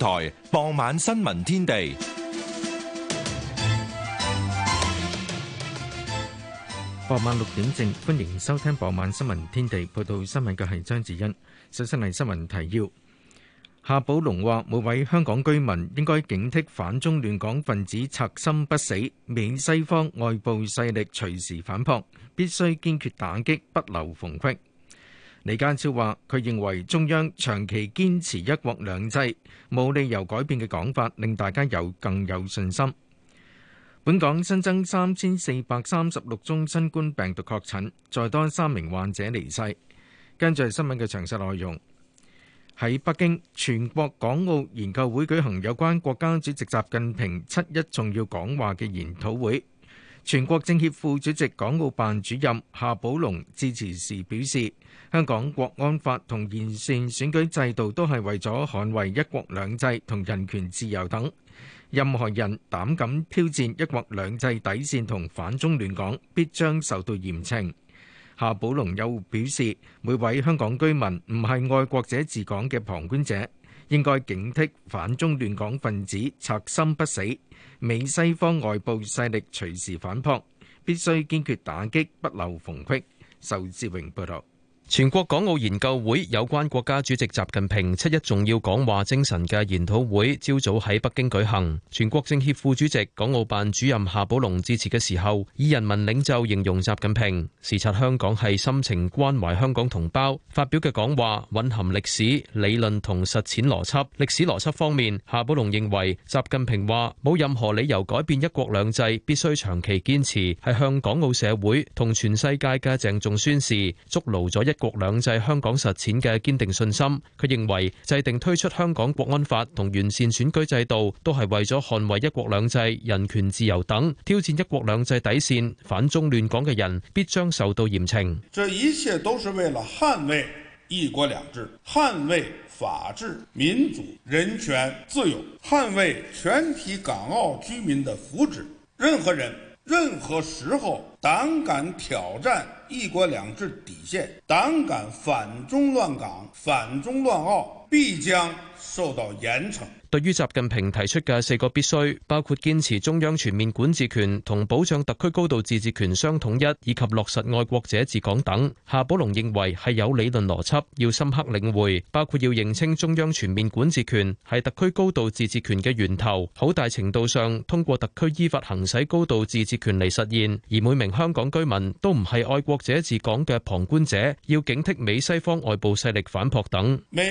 台傍晚新聞天地，傍晚六點正，歡迎收聽傍晚新聞天地。報道新聞嘅係張智欣，首先係新聞提要。夏寶龍話：每位香港居民應該警惕反中亂港分子賊心不死，美西方外部勢力隨時反撲，必須堅決打擊，不留縫隙。李家超話：佢認為中央長期堅持一國兩制，冇理由改變嘅講法，令大家有更有信心。本港新增三千四百三十六宗新冠病毒確診，再多三名患者離世。跟住係新聞嘅詳細內容。喺北京，全國港澳研究會舉行有關國家主席習近平七一重要講話嘅研討會。全國政協副主席、港澳辦主任夏寶龍致辭時表示，香港國安法同完善選舉制度都係為咗捍衛一國兩制同人權自由等。任何人膽敢挑戰一國兩制底線同反中亂港，必將受到嚴懲。夏寶龍又表示，每位香港居民唔係愛國者治港嘅旁觀者。應該警惕反中亂港分子，賊心不死，美西方外部勢力隨時反撲，必須堅決打擊，不留縫隙。仇志榮報道。全國港澳研究會有關國家主席習近平七一重要講話精神嘅研討會，朝早喺北京舉行。全國政協副主席、港澳辦主任夏寶龍致辭嘅時候，以人民領袖形容習近平，視察香港係深情關懷香港同胞。發表嘅講話蘊含歷史、理論同實踐邏輯。歷史邏輯方面，夏寶龍認為習近平話冇任何理由改變一國兩制，必須長期堅持，係向港澳社會同全世界嘅鄭重宣示，築牢咗一。一國兩制香港實踐嘅堅定信心，佢認為制定，推出香港國安法同完善選舉制度，都係為咗捍衛一國兩制、人權自由等，挑戰一國兩制底線、反中亂港嘅人必將受到嚴懲。這一切都是為了捍衛一國兩制，捍衛法治、民主、人權自由，捍衛全體港澳居民的福祉。任何人、任何時候膽敢挑戰。一國兩制底線，膽敢反中亂港、反中亂澳，必將。受到嚴懲。對於習近平提出嘅四個必須，包括堅持中央全面管治權同保障特區高度自治權相統一，以及落實愛國者治港等，夏寶龍認為係有理論邏輯，要深刻領會，包括要認清中央全面管治權係特區高度自治權嘅源頭，好大程度上通過特區依法行使高度自治權嚟實現。而每名香港居民都唔係愛國者治港嘅旁觀者，要警惕美西方外部勢力反撲等。美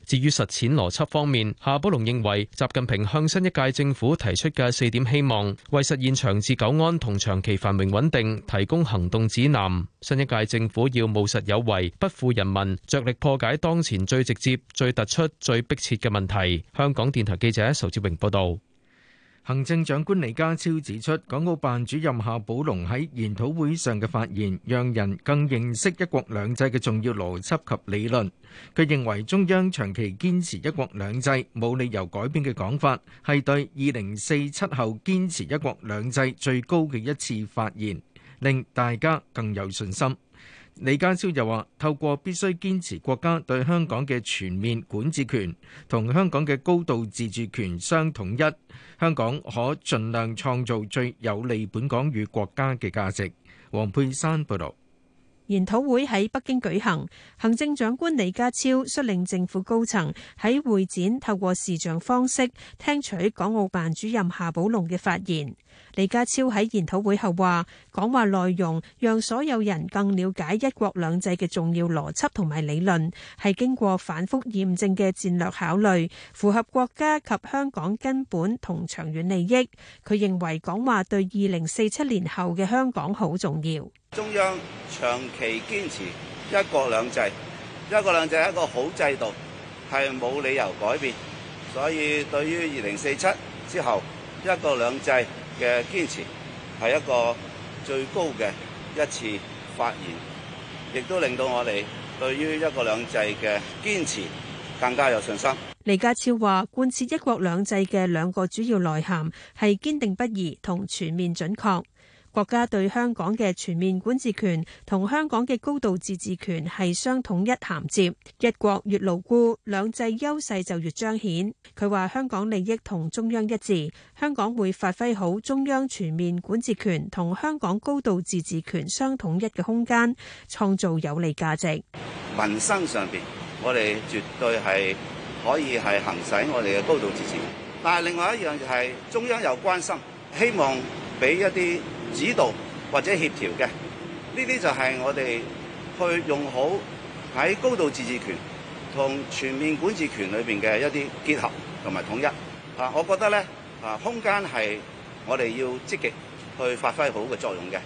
至於實踐邏輯方面，夏寶龍認為習近平向新一屆政府提出嘅四點希望，為實現長治久安同長期繁榮穩定提供行動指南。新一屆政府要務實有為，不負人民，着力破解當前最直接、最突出、最迫切嘅問題。香港電台記者仇志榮報道。行政長官李家超指出，港澳辦主任夏寶龍喺研討會上嘅發言，讓人更認識一國兩制嘅重要邏輯及理論。佢認為中央長期堅持一國兩制冇理由改變嘅講法，係對二零四七後堅持一國兩制最高嘅一次發言，令大家更有信心。李家超又話，透過必須堅持國家對香港嘅全面管治權，同香港嘅高度自治權相統一。香港可盡量創造最有利本港與國家嘅價值。黃佩珊報導。研討會喺北京舉行，行政長官李家超率領政府高層喺會展透過視像方式聽取港澳辦主任夏寶龍嘅發言。李家超喺研討會後話，講話內容讓所有人更了解一國兩制嘅重要邏輯同埋理論，係經過反覆驗證嘅戰略考慮，符合國家及香港根本同長遠利益。佢認為講話對二零四七年後嘅香港好重要。中央長期堅持一國兩制，一國兩制係一個好制度，係冇理由改變。所以對於二零四七之後一國兩制。嘅堅持係一個最高嘅一次發言，亦都令到我哋對於一國兩制嘅堅持更加有信心。李家超話：貫徹一國兩制嘅兩個主要內涵係堅定不移同全面準確。國家對香港嘅全面管治權同香港嘅高度自治權係相統一銜接，一國越牢固，兩制優勢就越彰顯。佢話：香港利益同中央一致，香港會發揮好中央全面管治權同香港高度自治權相統一嘅空間，創造有利價值。民生上邊，我哋絕對係可以係行使我哋嘅高度自治，但係另外一樣就係中央又關心，希望俾一啲指導或者協調嘅，呢啲就係我哋去用好喺高度自治權同全面管治權裏邊嘅一啲結合同埋統一。啊，我覺得咧，啊空間係我哋要積極去發揮好嘅作用嘅，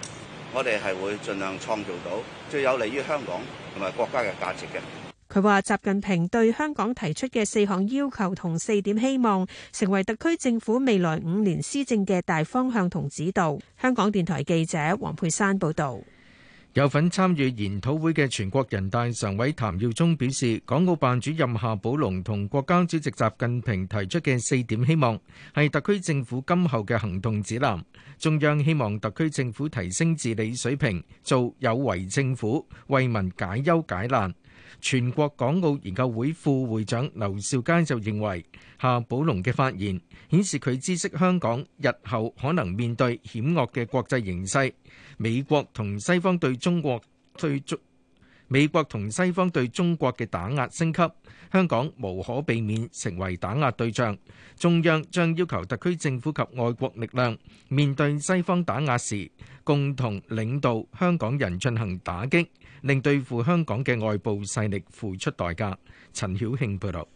我哋係會盡量創造到最有利於香港同埋國家嘅價值嘅。佢話：習近平對香港提出嘅四項要求同四點希望，成為特區政府未來五年施政嘅大方向同指導。香港電台記者黃佩珊報道。有份參與研討會嘅全國人大常委譚耀宗表示，港澳辦主任夏寶龍同國家主席習近平提出嘅四點希望，係特區政府今後嘅行動指南。中央希望特區政府提升治理水平，做有為政府，為民解憂解難。全國港澳研究會副會長劉兆佳就認為，夏寶龍嘅發言顯示佢知悉香港日後可能面對險惡嘅國際形勢，美國同西方對中國推促，美國同西方對中國嘅打壓升級。香港無可避免成為打壓對象，中央將要求特區政府及外國力量面對西方打壓時，共同領導香港人進行打擊，令對付香港嘅外部勢力付出代價。陳曉慶報道。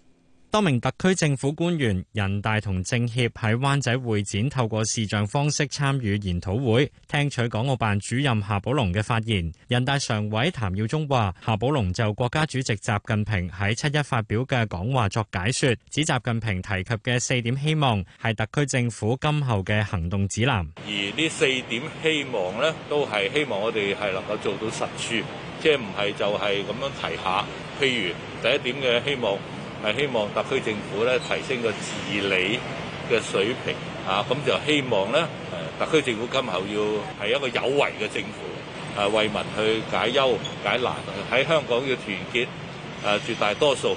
多名特區政府官員、人大同政協喺灣仔會展透過視像方式參與研討會，聽取港澳辦主任夏寶龍嘅發言。人大常委譚耀宗話：夏寶龍就國家主席習近平喺七一發表嘅講話作解說，指習近平提及嘅四點希望係特區政府今後嘅行動指南。而呢四點希望咧，都係希望我哋係能夠做到實處，即係唔係就係咁樣提下。譬如第一點嘅希望。係希望特區政府咧提升個治理嘅水平，啊，咁就希望咧，誒、啊、特區政府今後要係一個有為嘅政府，誒、啊、為民去解憂解難，喺香港要團結誒、啊、絕大多數。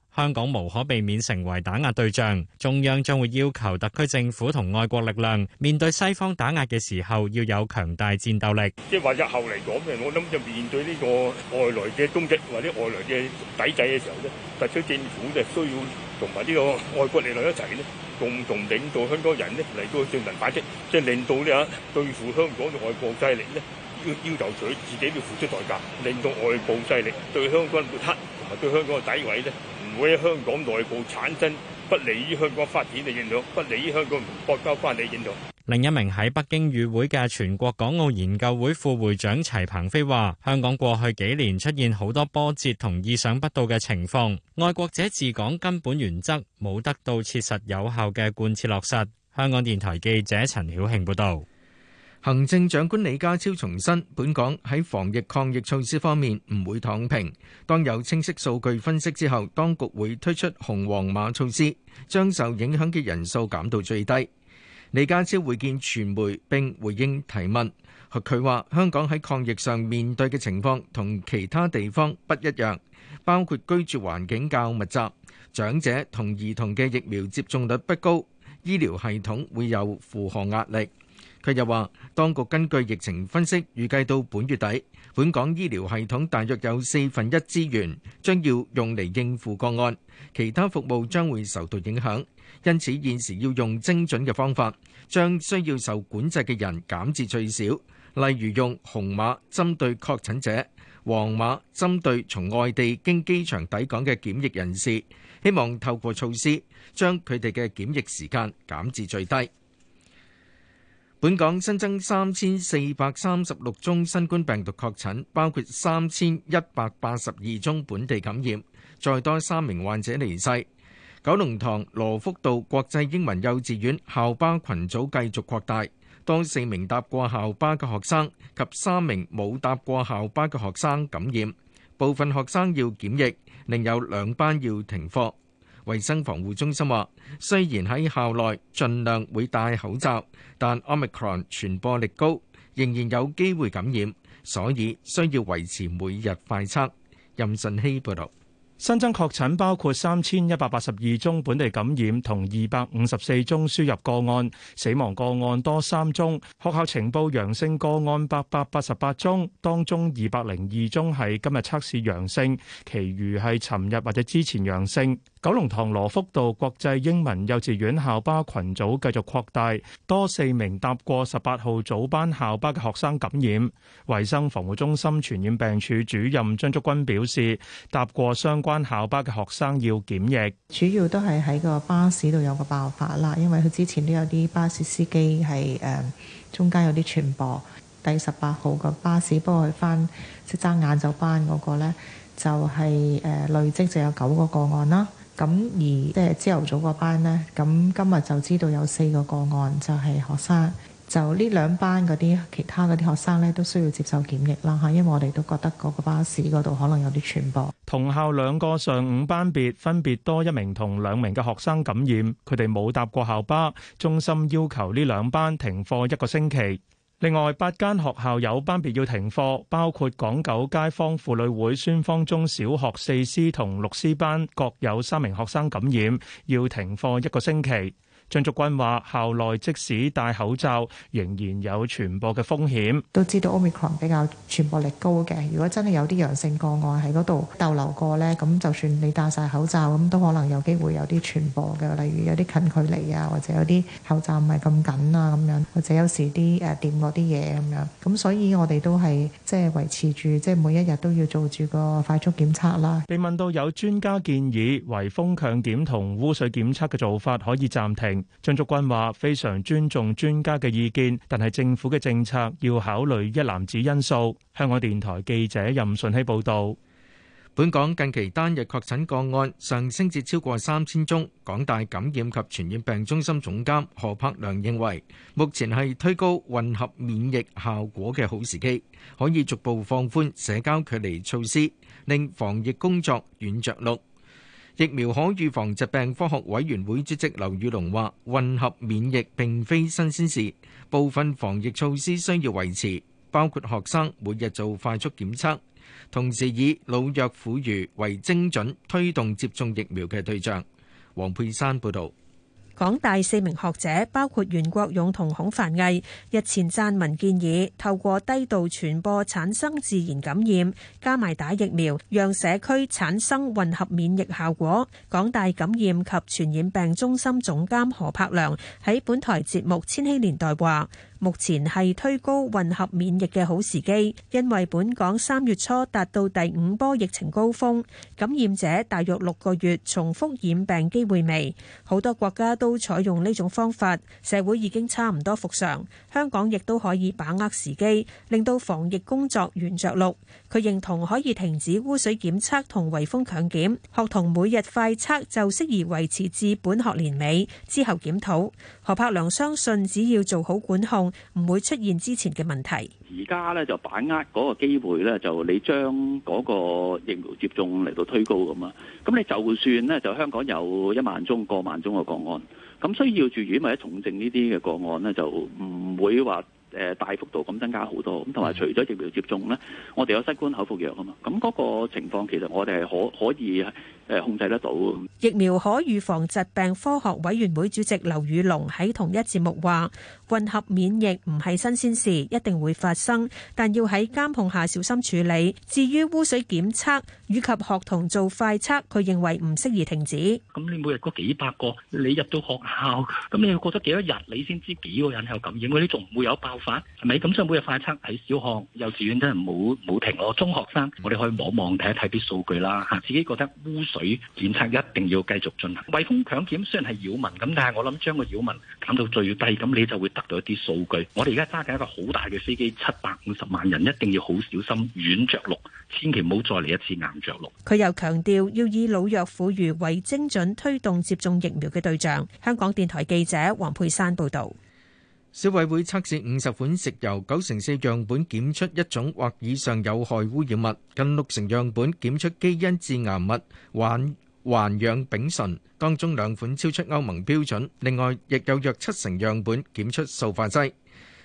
香港無可避免成為打壓對象，中央將會要求特區政府同外國力量面對西方打壓嘅時候要有強大戰鬥力。即係話日後嚟講，我諗就面對呢個外來嘅攻擊或者外來嘅抵制嘅時候咧，特區政府就需要同埋呢個外國力量一齊咧，共同領導香港人咧嚟到進行反擊，即係令到呢下對付香港嘅外部勢力咧，要要求佢自己要付出代價，令到外部勢力對香港抹黑同埋對香港嘅詆毀咧。唔會喺香港內部產生不利於香港發展嘅影響，不利於香港國家關係嘅影響。另一名喺北京與會嘅全國港澳研究會副會長齊鵬飛話，香港過去幾年出現好多波折同意想不到嘅情況，愛國者治港根本原則冇得到切實有效嘅貫徹落實。香港電台記者陳曉慶報導。行政長官李家超重申，本港喺防疫抗疫措施方面唔會躺平。當有清晰數據分析之後，當局會推出紅黃碼措施，將受影響嘅人數減到最低。李家超會見傳媒並回應提問，佢話香港喺抗疫上面對嘅情況同其他地方不一樣，包括居住環境較密集，長者同兒童嘅疫苗接種率不高，醫療系統會有負荷壓力。佢又話：當局根據疫情分析，預計到本月底，本港醫療系統大約有四分一資源將要用嚟應付個案，其他服務將會受到影響。因此現時要用精準嘅方法，將需要受管制嘅人減至最少。例如用紅碼針對確診者，黃碼針對從外地經機場抵港嘅檢疫人士。希望透過措施，將佢哋嘅檢疫時間減至最低。本港新增三千四百三十六宗新冠病毒確診，包括三千一百八十二宗本地感染，再多三名患者離世。九龍塘羅福道國際英文幼稚園校巴群組繼續擴大，多四名搭過校巴嘅學生及三名冇搭過校巴嘅學生感染，部分學生要檢疫，另有兩班要停課。衛生防護中心話，雖然喺校內盡量會戴口罩，但 Omicron 傳播力高，仍然有機會感染，所以需要維持每日快測。任信希報導。新增確診包括三千一百八十二宗本地感染同二百五十四宗輸入個案，死亡個案多三宗。學校呈報陽性個案八百八十八宗，當中二百零二宗係今日測試陽性，其餘係尋日或者之前陽性。九龍塘羅福道國際英文幼稚園校巴群組繼續擴大，多四名搭過十八號早班校巴嘅學生感染。衛生防護中心傳染病處主任張竹君表示，搭過相關，班校巴嘅學生要檢疫，主要都係喺個巴士度有個爆發啦，因為佢之前都有啲巴士司機係誒中間有啲傳播。第十八號個巴士，不過佢翻即係爭晏晝班嗰個咧，就係誒累積就有九個個案啦。咁而即係朝頭早個班咧，咁今日就知道有四個個案就係學生。就呢兩班嗰啲其他嗰啲學生呢，都需要接受檢疫啦嚇，因為我哋都覺得嗰個巴士嗰度可能有啲傳播。同校兩個上午班別分別多一名同兩名嘅學生感染，佢哋冇搭過校巴，中心要求呢兩班停課一個星期。另外八間學校有班別要停課，包括港九街坊婦女會孫方中小學四 C 同六 C 班各有三名學生感染，要停課一個星期。張竹君話：校內即使戴口罩，仍然有傳播嘅風險。都知道 Omicron 比較傳播力高嘅，如果真係有啲陽性個案喺嗰度逗留過咧，咁就算你戴晒口罩，咁都可能有機會有啲傳播嘅。例如有啲近距離啊，或者有啲口罩唔係咁緊啊，咁樣，或者有時啲誒掂嗰啲嘢咁樣。咁所以我哋都係即係維持住，即係每一日都要做住個快速檢測啦。被問到有專家建議圍封強檢同污水檢測嘅做法可以暫停。張竹君話：非常尊重專家嘅意見，但係政府嘅政策要考慮一籃子因素。香港電台記者任順熙報道，本港近期單日確診個案上升至超過三千宗。港大感染及傳染病中心總監何柏良認為，目前係推高混合免疫效果嘅好時機，可以逐步放寬社交距離措施，令防疫工作軟著陸。疫苗可預防疾病科學委員會主席劉宇龍話，混合免疫並非新鮮事，部分防疫措施需要維持，包括學生每日做快速檢測，同時以老弱婦孺為精準推動接種疫苗嘅對象。黃佩珊報導。港大四名學者，包括袁國勇同孔繁毅，日前撰文建議，透過低度傳播產生自然感染，加埋打疫苗，讓社區產生混合免疫效果。港大感染及傳染病中心總監何柏良喺本台節目《千禧年代》話。目前係推高混合免疫嘅好時機，因為本港三月初達到第五波疫情高峰，感染者大約六個月重複染病機會微。好多國家都採用呢種方法，社會已經差唔多復常，香港亦都可以把握時機，令到防疫工作圓着陸。佢認同可以停止污水檢測同圍封強檢，學童每日快測就適宜維持至本學年尾之後檢討。何柏良相信只要做好管控。唔會出現之前嘅問題，而家咧就把握嗰個機會咧，就你將嗰個疫苗接種嚟到推高咁嘛。咁你就算咧，就香港有一萬宗、過萬宗嘅個案，咁需要住院或者重症呢啲嘅個案咧，就唔會話誒大幅度咁增加好多。咁同埋除咗疫苗接種咧，我哋有新冠口服藥啊嘛。咁嗰個情況其實我哋係可可以。疫苗可預防疾病科學委員會主席劉宇龍喺同一節目話：混合免疫唔係新鮮事，一定會發生，但要喺監控下小心處理。至於污水檢測以及學童做快測，佢認為唔適宜停止。咁你每日嗰幾百個，你入到學校，咁你要過咗幾多日，你先知幾個人有感染，你仲唔會有爆發？係咪？咁所以每日快測喺小學、幼稚園真係冇冇停咯。我中學生我哋可以望望睇一睇啲數據啦，嚇，自己覺得污水。檢測一定要繼續進行，圍封強檢雖然係擾民咁，但係我諗將個擾民減到最低，咁你就會得到一啲數據。我哋而家揸緊一個好大嘅飛機，七百五十萬人一定要好小心軟着陸，千祈唔好再嚟一次硬着陸。佢又強調要以老弱婦孺為精準推動接種疫苗嘅對象。香港電台記者黃佩珊報道。消委會測試五十款食油，九成四樣本檢出一種或以上有害污染物，近六成樣本檢出基因致癌物環環氧丙醇，當中兩款超出歐盟標準。另外，亦有約七成樣本檢出塑化劑。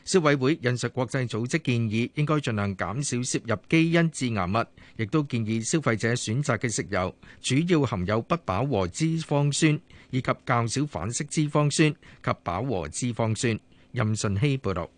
消委會引述國際組織建議，應該盡量減少攝入基因致癌物，亦都建議消費者選擇嘅食油主要含有不飽和脂肪酸，以及較少反式脂肪酸及飽和脂肪酸。.任順希報道，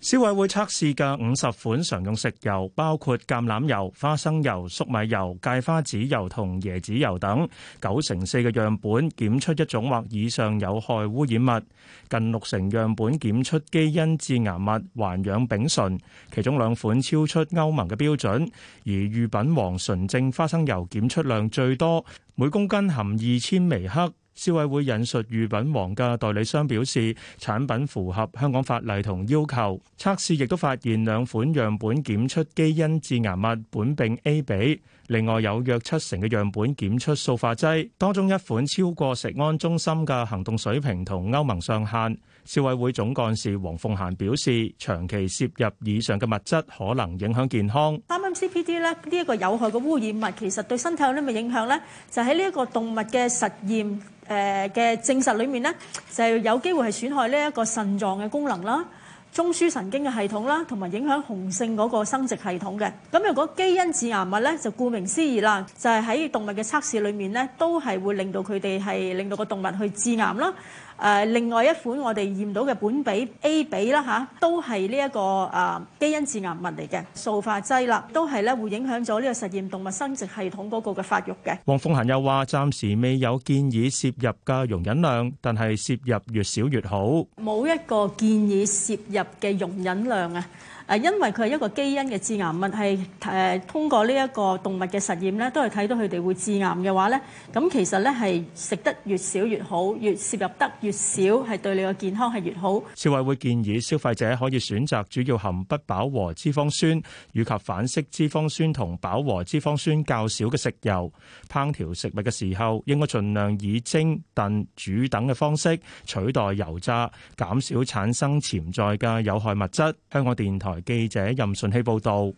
消委會測試嘅五十款常用食油，包括橄欖油、花生油、粟米油、芥花籽油同椰子油等，九成四嘅樣本檢出一種或以上有害污染物，近六成樣本檢出基因致癌物環氧丙醇，其中兩款超出歐盟嘅標準。而御品皇純正花生油檢出量最多，每公斤含二千微克。消委會引述御品王嘅代理商表示，產品符合香港法例同要求。測試亦都發現兩款樣本檢出基因致癌物苯并 A 芘，另外有約七成嘅樣本檢出塑化劑，當中一款超過食安中心嘅行動水平同歐盟上限。消委會總幹事黃鳳嫻表示，長期攝入以上嘅物質可能影響健康。三 MCPD 咧，呢一個有害嘅污染物，其實對身體有啲咩影響咧？就喺呢一個動物嘅實驗。誒嘅證實裏面咧，就係有機會係損害呢一個腎臟嘅功能啦、中樞神經嘅系統啦，同埋影響雄性嗰個生殖系統嘅。咁如果基因致癌物咧，就顧名思義啦，就係喺動物嘅測試裏面咧，都係會令到佢哋係令到個動物去致癌啦。誒另外一款我哋驗到嘅本比 A 比啦嚇，都係呢一個誒基因致癌物嚟嘅塑化劑啦，都係咧會影響咗呢個實驗動物生殖系統嗰個嘅發育嘅。黃鳳賢又話：暫時未有建議攝入嘅容忍量，但係攝入越少越好。冇一個建議攝入嘅容忍量啊！誒，因為佢係一個基因嘅致癌物，係誒、呃、通過呢一個動物嘅實驗咧，都係睇到佢哋會致癌嘅話咧，咁其實咧係食得越少越好，越攝入得越少係對你嘅健康係越好。消委會建議消費者可以選擇主要含不飽和脂肪酸以及反式脂肪酸同飽和脂肪酸較少嘅食油，烹調食物嘅時候應該盡量以蒸、燉煮等嘅方式取代油炸，減少產生潛在嘅有害物質。香港電台。記者任順希報道，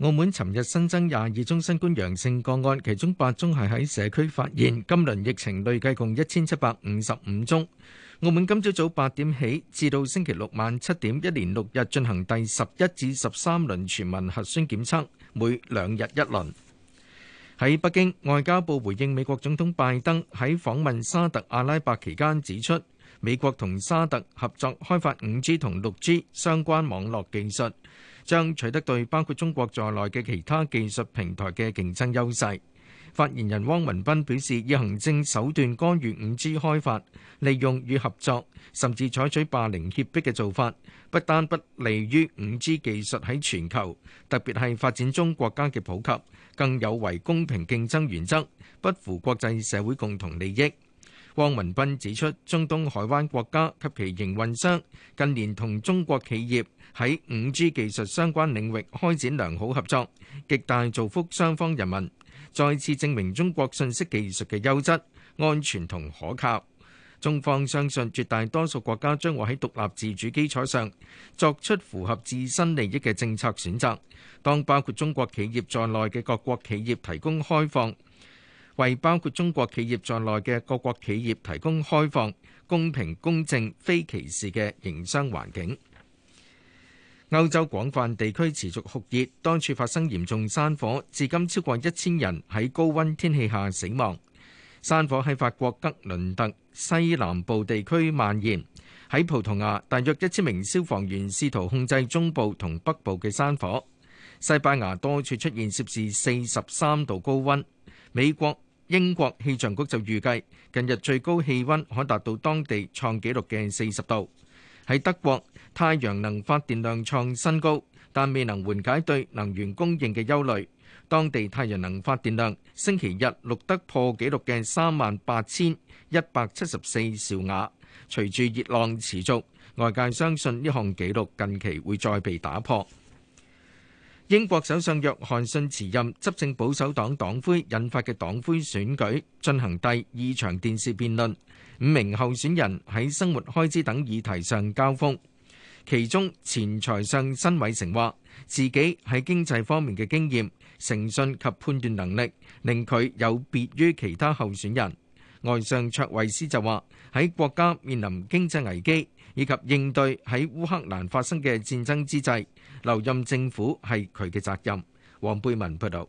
澳門尋日新增廿二宗新冠陽性個案，其中八宗係喺社區發現。今輪疫情累計共一千七百五十五宗。澳門今朝早八點起至到星期六晚七點，一連六日進行第十一至十三輪全民核酸檢測，每兩日一輪。喺北京，外交部回應美國總統拜登喺訪問沙特阿拉伯期間指出，美國同沙特合作開發五 G 同六 G 相關網絡技術，將取得對包括中國在內嘅其他技術平台嘅競爭優勢。發言人汪文斌表示，以行政手段干預五 G 開發、利用與合作，甚至採取霸凌脅迫嘅做法，不單不利於五 G 技術喺全球，特別係發展中國家嘅普及，更有違公平競爭原則，不符國際社會共同利益。汪文斌指出，中東海灣國家及其營運商近年同中國企業喺五 G 技術相關領域開展良好合作，極大造福雙方人民，再次證明中國信息技術嘅優質、安全同可靠。中方相信，絕大多數國家將會喺獨立自主基礎上作出符合自身利益嘅政策選擇。當包括中國企業在內嘅各國企業提供開放。為包括中國企業在內嘅各國企業提供開放、公平、公正、非歧視嘅營商環境。歐洲廣泛地區持續酷熱，多處發生嚴重山火，至今超過一千人喺高溫天氣下死亡。山火喺法國吉倫特西南部地區蔓延，喺葡萄牙，大約一千名消防員試圖控制中部同北部嘅山火。西班牙多處出現攝氏四十三度高溫。美國、英國氣象局就預計近日最高氣溫可達到當地創紀錄嘅四十度。喺德國，太陽能發電量創新高，但未能緩解對能源供應嘅憂慮。當地太陽能發電量星期日錄得破紀錄嘅三萬八千一百七十四兆瓦。隨住熱浪持續，外界相信呢項紀錄近期會再被打破。英國首相約翰遜辭任執政保守黨黨魁，引發嘅黨魁選舉進行第二場電視辯論。五名候選人喺生活開支等議題上交鋒，其中前財相辛偉成話自己喺經濟方面嘅經驗、誠信及判斷能力，令佢有別於其他候選人。外相卓維斯就話喺國家面臨經濟危機以及應對喺烏克蘭發生嘅戰爭之際。留任政府係佢嘅責任。黃貝文報道，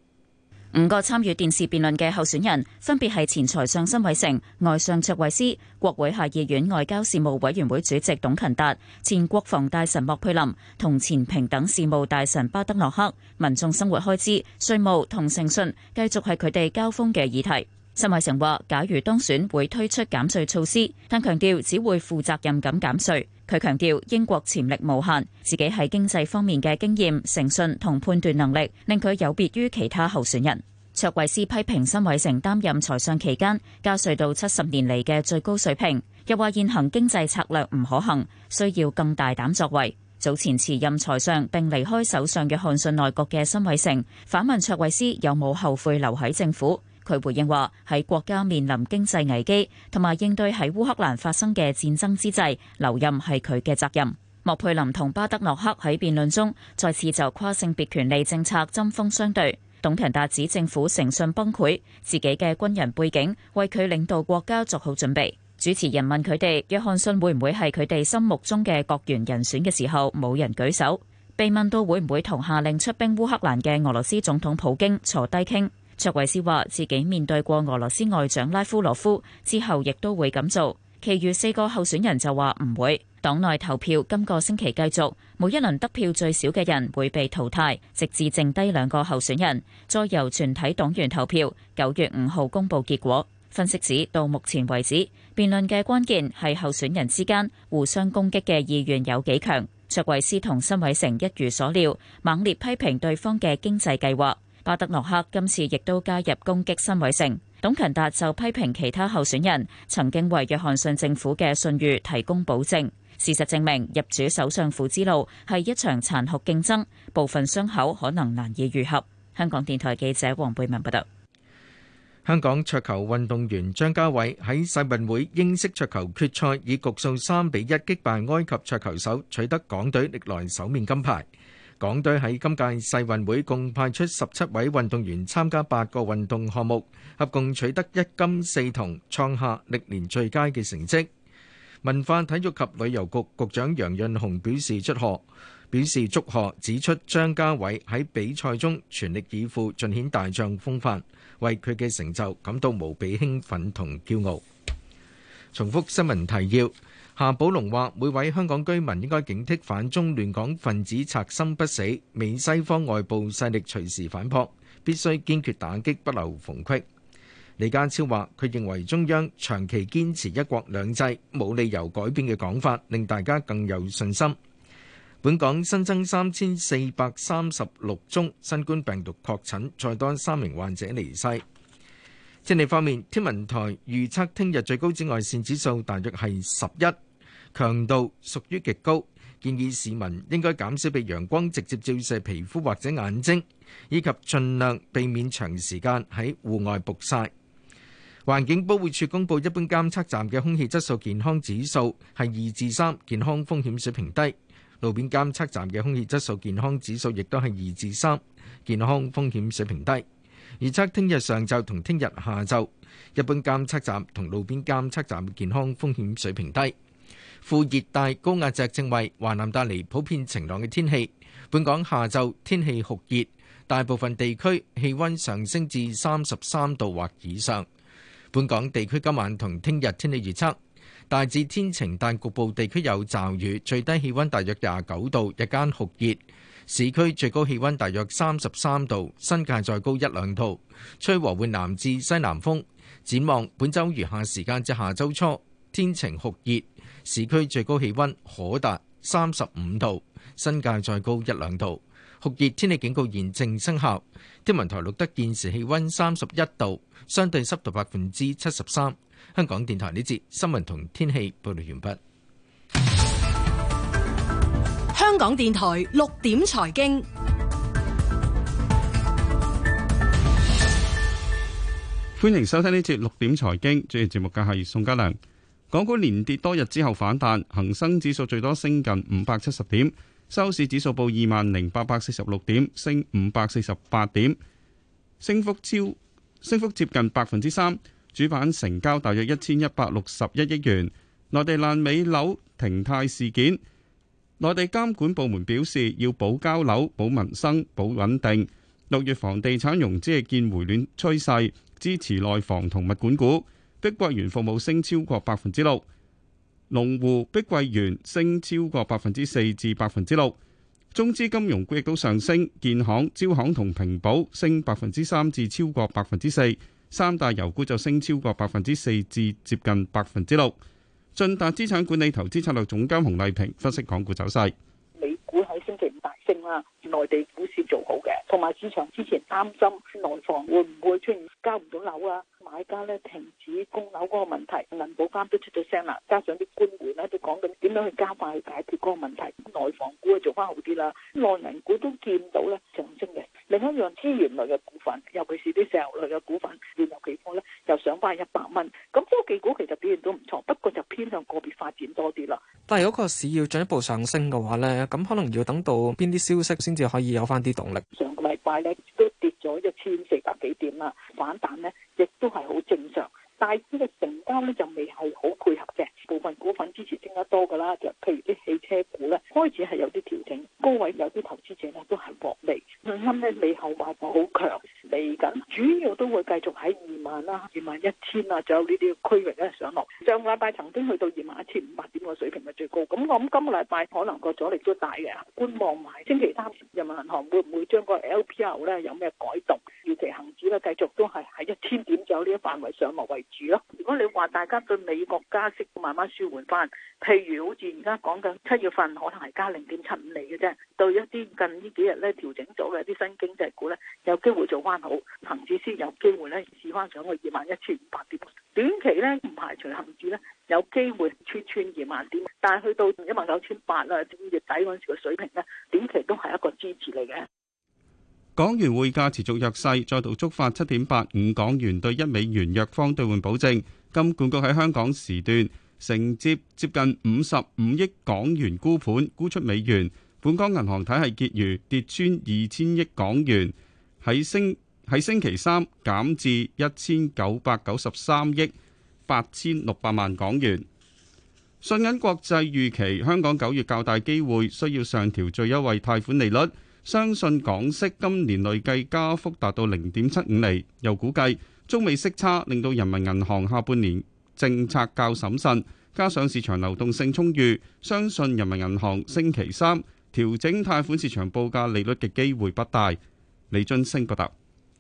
五個參與電視辯論嘅候選人，分別係前財相辛偉誠、外相卓慧斯、國會下議院外交事務委員會主席董勤達、前國防大臣莫佩林同前平等事務大臣巴德諾克。民眾生活開支、稅務同誠信，繼續係佢哋交鋒嘅議題。辛偉誠話，假如當選會推出減稅措施，但強調只會負責任咁減稅。佢強調英國潛力無限，自己喺經濟方面嘅經驗、誠信同判斷能力，令佢有別於其他候選人。卓慧思批評辛偉誠擔任財相期間加稅到七十年嚟嘅最高水平，又話現行經濟策略唔可行，需要更大膽作為。早前辭任財相並離開首相嘅約翰遜內閣嘅辛偉誠反問卓慧思有冇後悔留喺政府。佢回應話：喺國家面臨經濟危機同埋應對喺烏克蘭發生嘅戰爭之際，留任係佢嘅責任。莫佩林同巴德諾克喺辯論中再次就跨性別權利政策針鋒相對。董強達指政府誠信崩潰，自己嘅軍人背景為佢領導國家作好準備。主持人問佢哋約翰遜會唔會係佢哋心目中嘅國元人選嘅時候，冇人舉手。被問到會唔會同下令出兵烏克蘭嘅俄羅斯總統普京坐低傾。卓偉斯話自己面對過俄羅斯外長拉夫羅夫，之後亦都會咁做。其餘四個候選人就話唔會。黨內投票今個星期繼續，每一輪得票最少嘅人會被淘汰，直至剩低兩個候選人，再由全體黨員投票。九月五號公佈結果。分析指到目前為止，辯論嘅關鍵係候選人之間互相攻擊嘅意願有幾強。卓偉斯同辛偉成一如所料，猛烈批評對方嘅經濟計劃。巴德諾克今次亦都加入攻擊辛偉誠，董勤達就批評其他候選人曾經為約翰遜政府嘅信譽提供保證。事實證明，入主首相府之路係一場殘酷競爭，部分傷口可能難以愈合。香港電台記者黃貝文報道。香港桌球運動員張家偉喺世運會英式桌球決賽以局數三比一擊敗埃及桌球手，取得港隊歷來首面金牌。港隊喺今屆世運會共派出十七位運動員參加八個運動項目，合共取得一金四銅，創下歷年最佳嘅成績。文化體育及旅遊局局長楊潤雄表示祝賀，表示祝賀，指出張家偉喺比賽中全力以赴，盡顯大將風範，為佢嘅成就感到無比興奮同驕傲。重複新聞提要。夏寶龍話：每位香港居民應該警惕反中亂港分子賊心不死，美西方外部勢力隨時反撲，必須堅決打擊，不留縫隙。李家超話：佢認為中央長期堅持一國兩制，冇理由改變嘅講法，令大家更有信心。本港新增三千四百三十六宗新冠病毒確診，再多三名患者離世。天氣方面，天文台預測聽日最高紫外線指數大約係十一，強度屬於極高，建議市民應該減少被陽光直接照射皮膚或者眼睛，以及盡量避免長時間喺戶外曝曬。環境保護處公布一般監測站嘅空氣質素健康指數係二至三，3, 健康風險水平低；路邊監測站嘅空氣質素健康指數亦都係二至三，3, 健康風險水平低。預測聽日上晝同聽日下晝，一般監測站同路邊監測站健康風險水平低。副熱帶高壓脊正為華南帶嚟普遍晴朗嘅天氣，本港下晝天氣酷熱，大部分地區氣温上升至三十三度或以上。本港地區今晚同聽日天氣預測大致天晴，但局部地區有驟雨。最低氣温大約廿九度，日間酷熱。市區最高氣温大約三十三度，新界再高一兩度，吹和緩南至西南風。展望本週餘下時間至下周初，天晴酷熱，市區最高氣温可達三十五度，新界再高一兩度。酷熱天氣警告現正生效。天文台錄得現時氣温三十一度，相對濕度百分之七十三。香港電台呢節新聞同天氣報道完畢。香港電台六點財經，歡迎收聽呢節六點財經。主持節目嘅係宋家良。港股連跌多日之後反彈，恒生指數最多升近五百七十點，收市指數報二萬零八百四十六點，升五百四十八點，升幅超升幅接近百分之三。主板成交大約一千一百六十一億元。內地爛尾樓停貸事件，內地監管部門表示，要保交樓、保民生、保穩定。六月房地產融資係見回暖趨勢，支持內房同物管股。碧桂園服務升超過百分之六，龍湖碧桂園升超過百分之四至百分之六。中資金融股亦都上升，建行、招行同平保升百分之三至超過百分之四。三大油股就升超過百分之四至接近百分之六。駿達資產管理投資策略總監洪麗萍分析港股走勢。美股喺星期五大。 啊！內地股市做好嘅，同埋市場之前擔心內房會唔會出現交唔到樓啊，買家咧停止供樓嗰個問題，銀保監都出咗聲啦。加上啲官員咧都講緊點樣去加快去解決嗰個問題，內房股係做翻好啲啦。內銀股都見到咧上升嘅。另一樣資源類嘅股份，尤其是啲石油類嘅股份，原油期貨咧又上翻一百蚊。咁多隻股其實表現都唔錯，不過就偏向個別發展多啲啦。但係嗰個市要進一步上升嘅話咧，咁可能要等到邊啲？消息先至可以有翻啲動力。上個禮拜咧都跌咗一千四百幾點啦，反彈咧亦都係好正常。大市嘅成交咧就未係好配合嘅，部分股份支持升得多噶啦，就譬如啲汽車股咧開始係有啲調整，高位有啲投資者咧都係獲利，信心咧未後買就好強。嚟緊，主要都會繼續喺二萬啦、二萬一千啊，仲有呢啲區域咧上落。上個禮拜曾經去到二萬一千五百點嘅水平係最高，咁我諗今個禮拜可能個阻力都大嘅，觀望埋星期三人民銀行會唔會將個 LPR 咧有咩改動？繼續都係喺一千點左右呢一範圍上落為主咯。如果你話大家對美國加息，慢慢舒緩翻，譬如好似而家講緊七月份可能係加零點七五厘嘅啫，對一啲近幾呢幾日咧調整咗嘅啲新經濟股咧，有機會做翻好，恒指先有機會咧試翻上去二萬一千五百點。短期咧唔排除恒指咧有機會穿穿二萬點，但係去到一萬九千八啦，月底嗰陣時嘅水平咧，短期都係一個支持嚟嘅。港元匯價持續弱勢，再度觸發七點八五港元對一美元弱方兌換保證。金管局喺香港時段承接接近五十五億港元沽盤沽出美元。本港銀行體系結餘跌穿二千億港元，喺星喺星期三減至一千九百九十三億八千六百萬港元。信銀國際預期香港九月較大機會需要上調最優惠貸款利率。相信港息今年累計加幅達到零點七五厘，又估計中美息差令到人民銀行下半年政策較審慎，加上市場流動性充裕，相信人民銀行星期三調整貸款市場報價利率嘅機會不大。李津升報道。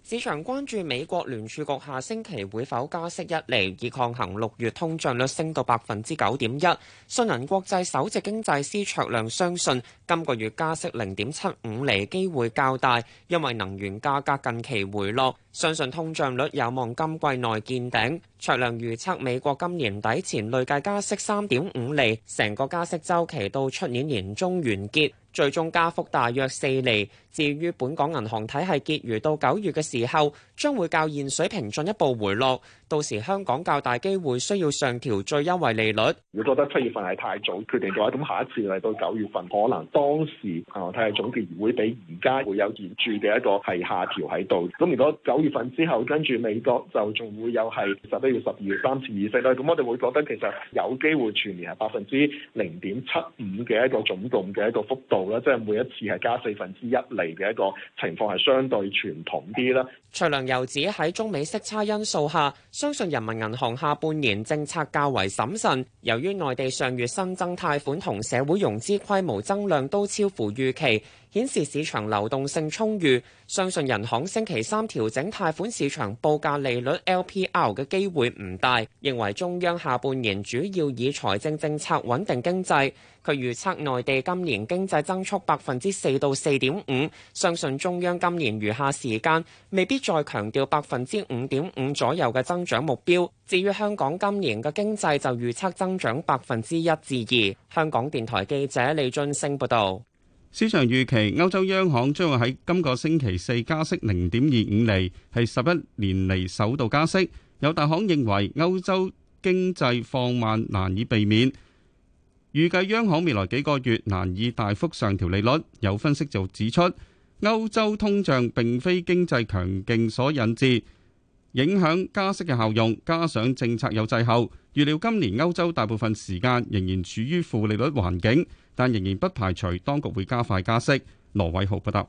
市場關注美國聯儲局下星期會否加息一厘，以抗衡六月通脹率升到百分之九點一。信銀國際首席經濟師卓亮相信，今個月加息零點七五厘機會較大，因為能源價格近期回落。相信通脹率有望今季內見頂。卓亮預測美國今年底前累計加息三點五厘，成個加息週期到出年年中完結，最終加幅大約四厘。至於本港銀行體系結餘到九月嘅時候，將會較現水平進一步回落。到時香港較大機會需要上調最優惠利率。如果覺得七月份係太早決定嘅話，咁下一次嚟到九月份，可能當時啊，睇下總結會比而家會有顯著嘅一個係下調喺度。咁如果九月份之後跟住美國就仲會有係十一月、十二月三次議息咧，咁我哋會覺得其實有機會全年係百分之零點七五嘅一個總共嘅一個幅度啦。即係每一次係加四分之一釐嘅一個情況係相對傳統啲啦。徐良友指喺中美息差因素下，相信人民銀行下半年政策較為審慎，由於內地上月新增貸款同社會融資規模增量都超乎預期。顯示市場流動性充裕，相信人行星期三調整貸款市場報價利率 LPR 嘅機會唔大。認為中央下半年主要以財政政策穩定經濟。佢預測內地今年經濟增速百分之四到四點五，相信中央今年餘下時間未必再強調百分之五點五左右嘅增長目標。至於香港今年嘅經濟就預測增長百分之一至二。香港電台記者李津升報道。市場預期歐洲央行將會喺今個星期四加息零點二五厘，係十一年嚟首度加息。有大行認為歐洲經濟放慢難以避免，預計央行未來幾個月難以大幅上調利率。有分析就指出，歐洲通脹並非經濟強勁所引致，影響加息嘅效用。加上政策有滯後，預料今年歐洲大部分時間仍然處於負利率環境。但仍然不排除當局會加快加息。羅偉豪報道，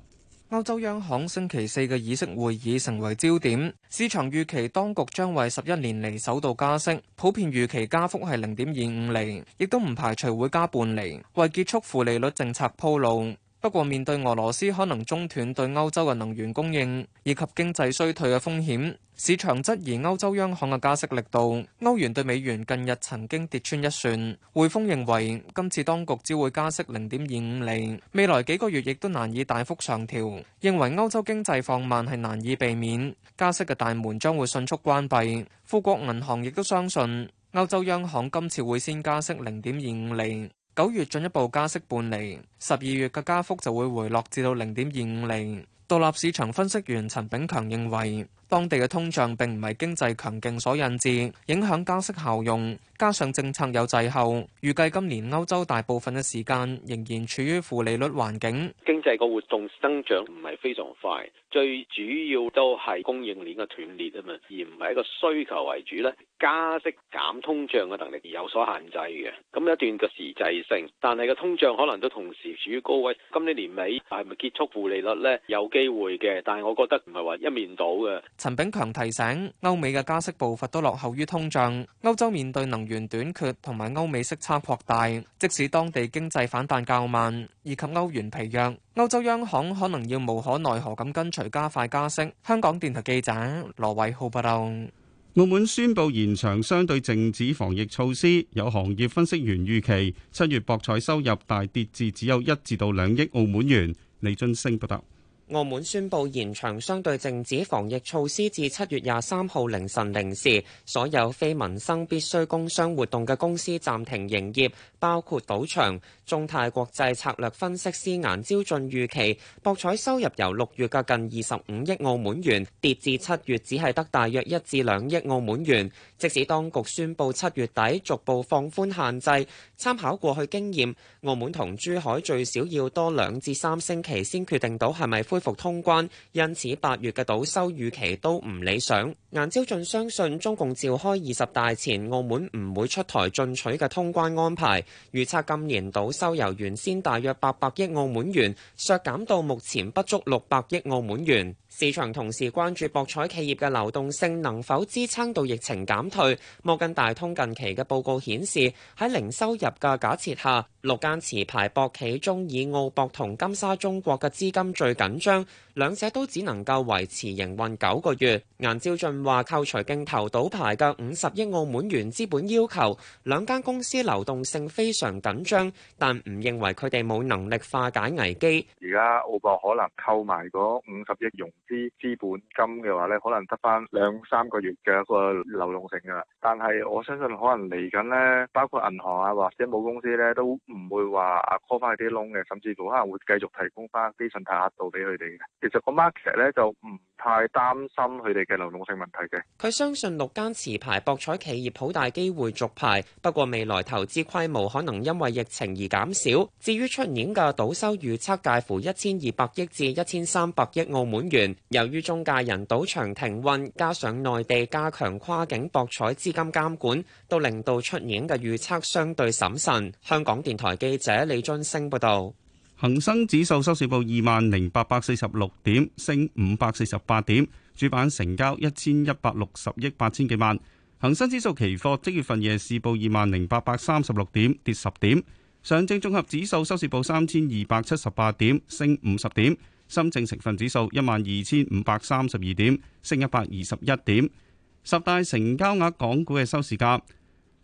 歐洲央行星期四嘅議息會議成為焦點，市場預期當局將為十一年嚟首度加息，普遍預期加幅係零點二五厘，亦都唔排除會加半厘，為結束負利率政策鋪路。不過，面對俄羅斯可能中斷對歐洲嘅能源供應以及經濟衰退嘅風險，市場質疑歐洲央行嘅加息力度。歐元對美元近日曾經跌穿一算。匯豐認為今次當局只會加息零點二五厘，未來幾個月亦都難以大幅上調。認為歐洲經濟放慢係難以避免，加息嘅大門將會迅速關閉。富國銀行亦都相信歐洲央行今次會先加息零點二五厘。九月進一步加息半厘，十二月嘅加幅就會回落至到零點二五厘。獨立市場分析員陳炳強認為。當地嘅通脹並唔係經濟強勁所引致，影響加息效用。加上政策有滯後，預計今年歐洲大部分嘅時間仍然處於負利率環境，經濟個活動增長唔係非常快。最主要都係供應鏈嘅斷裂啊嘛，而唔係一個需求為主咧。加息減通脹嘅能力而有所限制嘅，咁一段嘅時滯性。但係個通脹可能都同時處於高位。今年年尾係咪結束負利率咧？有機會嘅，但係我覺得唔係話一面倒嘅。陳炳強提醒，歐美嘅加息步伐都落後於通脹。歐洲面對能源短缺同埋歐美息差擴大，即使當地經濟反彈較慢，以及歐元疲弱，歐洲央行可能要無可奈何咁跟隨加快加息。香港電台記者羅偉浩報道。澳門宣布延長相對靜止防疫措施，有行業分析員預期，七月博彩收入大跌至只有一至到兩億澳門元。李津升報道。澳門宣布延長相對靜止防疫措施至七月廿三號凌晨零時，所有非民生必須工商活動嘅公司暫停營業，包括賭場。中泰國際策略分析師顏招俊預期，博彩收入由六月嘅近二十五億澳門元跌至七月只係得大約一至兩億澳門元。即使當局宣布七月底逐步放寬限制，參考過去經驗，澳門同珠海最少要多兩至三星期先決定到係咪恢復通關，因此八月嘅賭收預期都唔理想。顏朝俊相信中共召開二十大前，澳門唔會出台進取嘅通關安排，預測今年賭收由原先大約八百億澳門元削減到目前不足六百億澳門元。市場同時關注博彩企業嘅流動性能否支撐到疫情減退。摩根大通近期嘅報告顯示，喺零收入嘅假設下，六間持牌博企中，以澳博同金沙中國嘅資金最緊張。兩者都只能夠維持營運九個月。顏照俊話：扣除競投倒牌嘅五十億澳門元資本要求，兩間公司流動性非常緊張，但唔認為佢哋冇能力化解危機。而家澳博可能扣埋嗰五十億融資資本金嘅話咧，可能得翻兩三個月嘅一個流動性㗎。但係我相信可能嚟緊咧，包括銀行啊或者母公司咧，都唔會話 call 翻啲窿嘅，甚至乎可能會繼續提供翻啲信貸額度俾佢哋嘅。其實個 market 咧就唔太擔心佢哋嘅流動性問題嘅。佢相信六間持牌博彩企業好大機會續牌，不過未來投資規模可能因為疫情而減少。至於出年嘅賭收預測介乎一千二百億至一千三百億澳門元，由於中介人賭場停運，加上內地加強跨境博彩資金監管，都令到出年嘅預測相對審慎。香港電台記者李津升報導。恒生指數收市報二萬零八百四十六點，升五百四十八點，主板成交一千一百六十億八千幾萬。恒生指數期貨即月份夜市報二萬零八百三十六點，跌十點。上證綜合指數收市報三千二百七十八點，升五十點。深證成分指數一萬二千五百三十二點，升一百二十一點。十大成交額港股嘅收市價，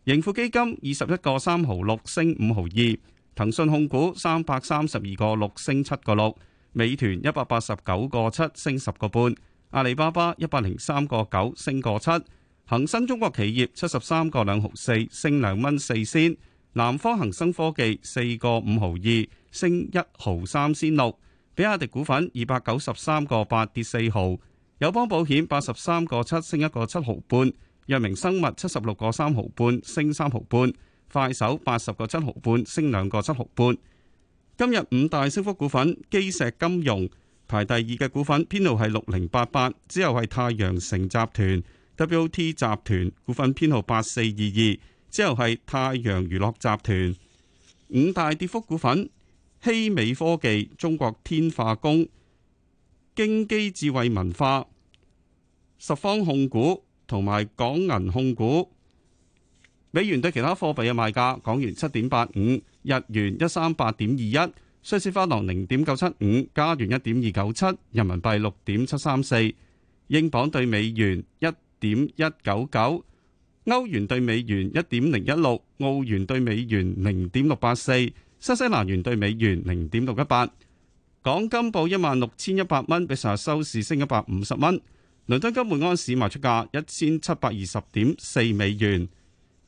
盈富基金二十一個三毫六，升五毫二。騰訊控股三百三十二個六升七個六，美團一百八十九個七升十個半，阿里巴巴一百零三個九升個七，恒生中國企業七十三個兩毫四升兩蚊四仙，南方恒生科技四個五毫二升一毫三仙六，比亞迪股份二百九十三個八跌四毫，友邦保險八十三個七升一個七毫半，藥明生物七十六個三毫半升三毫半。快手八十個七毫半，升兩個七毫半。今日五大升幅股份，基石金融排第二嘅股份編號係六零八八，之後係太陽城集團 WOT 集團股份編號八四二二，之後係太陽娛樂集團。五大跌幅股份：希美科技、中國天化工、京基智慧文化、十方控股同埋港銀控股。美元對其他貨幣嘅賣價：港元七點八五，日元一三八點二一，瑞士法郎零點九七五，加元一點二九七，人民幣六點七三四，英鎊對美元一點一九九，歐元對美元一點零一六，澳元對美元零點六八四，新西蘭元對美元零點六一八。港金報一萬六千一百蚊，比上日收市升一百五十蚊。倫敦金每安士賣出價一千七百二十點四美元。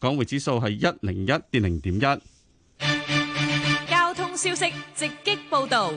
港匯指數係一零一，跌零點一。交通消息直擊報道。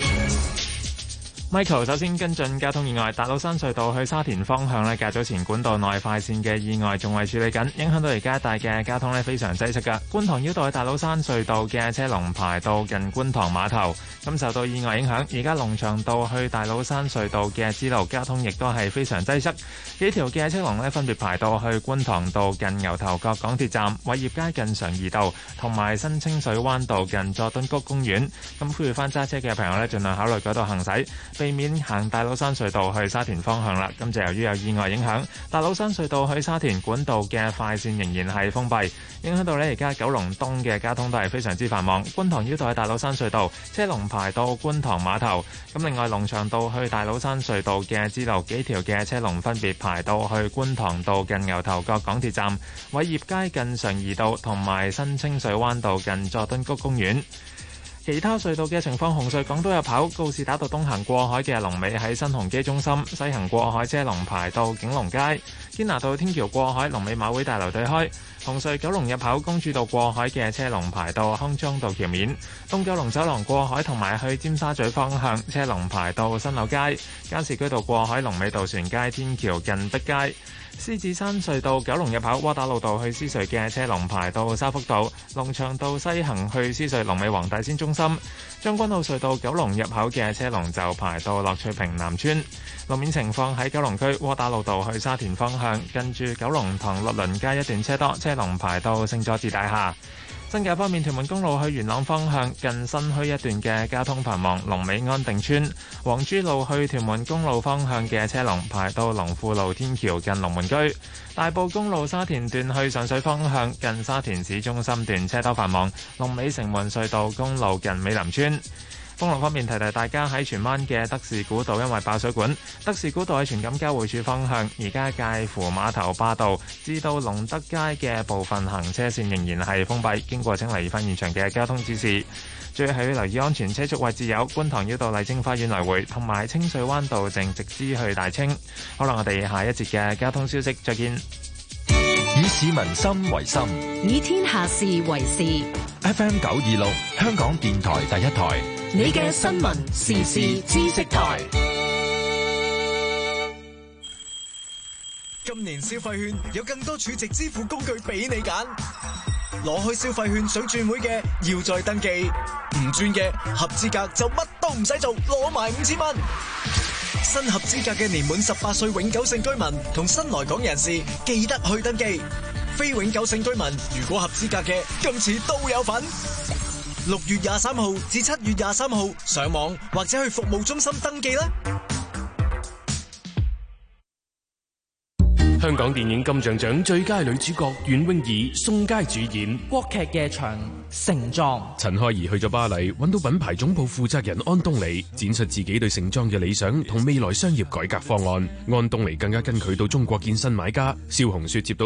Michael 首先跟進交通意外，大老山隧道去沙田方向呢較早前管道內快線嘅意外仲未處理緊，影響到而家一帶嘅交通呢非常擠塞嘅。觀塘繞道嘅大老山隧道嘅車龍排到近觀塘碼頭，咁受到意外影響，而家龍翔道去大老山隧道嘅支路交通亦都係非常擠塞，幾條嘅車龍呢分別排到去觀塘道近牛頭角港鐵站、偉業街近常怡道同埋新清水灣道近佐敦谷公園，咁呼籲翻揸車嘅朋友呢，盡量考慮改道行駛。避免行大老山隧道去沙田方向啦。今就由於有意外影響，大老山隧道去沙田管道嘅快線仍然係封閉，影響到咧而家九龍東嘅交通都係非常之繁忙。觀塘繞道喺大老山隧道車龍排到觀塘碼頭。咁另外，龍翔道去大老山隧道嘅支路幾條嘅車龍分別排到去觀塘道近牛頭角港鐵站、偉業街近常怡道同埋新清水灣道近佐敦谷公園。其他隧道嘅情況，紅隧港島入口告士打道東行過海嘅龍尾喺新鴻基中心，西行過海車龍排到景隆街。堅拿道天橋過海龍尾馬會大樓對開。紅隧九龍入口公主道過海嘅車龍排到康莊道橋面。東九龍走廊過海同埋去尖沙咀方向車龍排到新樓街。加士居道過海龍尾渡船街天橋近碧街。獅子山隧道九龍入口窩打老道去獅隧嘅車龍排到沙福道，龍翔道西行去獅隧龍尾黃大仙中心。將軍澳隧道九龍入口嘅車龍就排到樂翠屏南邨。路面情況喺九龍區窩打老道去沙田方向，近住九龍塘律倫街一段車多，車龍排到聖佐治大廈。新界方面，屯門公路去元朗方向近新墟一段嘅交通繁忙，龍尾安定村；黃珠路去屯門公路方向嘅車龍排到龍富路天橋近龍門居；大埔公路沙田段去上水方向近沙田市中心段車多繁忙，龍尾城門隧道公路近美林村。風浪方面，提提大家喺荃灣嘅德士古道，因為爆水管，德士古道喺荃錦交匯處方向，而家介乎馬頭壩道至到龍德街嘅部分行車線仍然係封閉，經過請留意返現場嘅交通指示。最後要留意安全車速位置有觀塘繞道麗晶花園來回，同埋清水灣道正直至去大清。好啦，我哋下一節嘅交通消息再見。以市民心為心，以天下事為事。F M 九二六，香港電台第一台。你嘅新聞時事知識台，今年消費券有更多儲值支付工具俾你揀，攞去消費券想轉會嘅要再登記，唔轉嘅合資格就乜都唔使做，攞埋五千蚊。新合資格嘅年滿十八歲永久性居民同新來港人士記得去登記，非永久性居民如果合資格嘅今次都有份。六月廿三號至七月廿三號，上網或者去服務中心登記啦。香港電影金像獎最佳女主角袁詠儀、宋佳主演國劇嘅場盛裝。陳開怡去咗巴黎揾到品牌總部負責人安東尼，展示自己對盛裝嘅理想同未來商業改革方案。安東尼更加跟佢到中國見新買家。肖紅雪接到。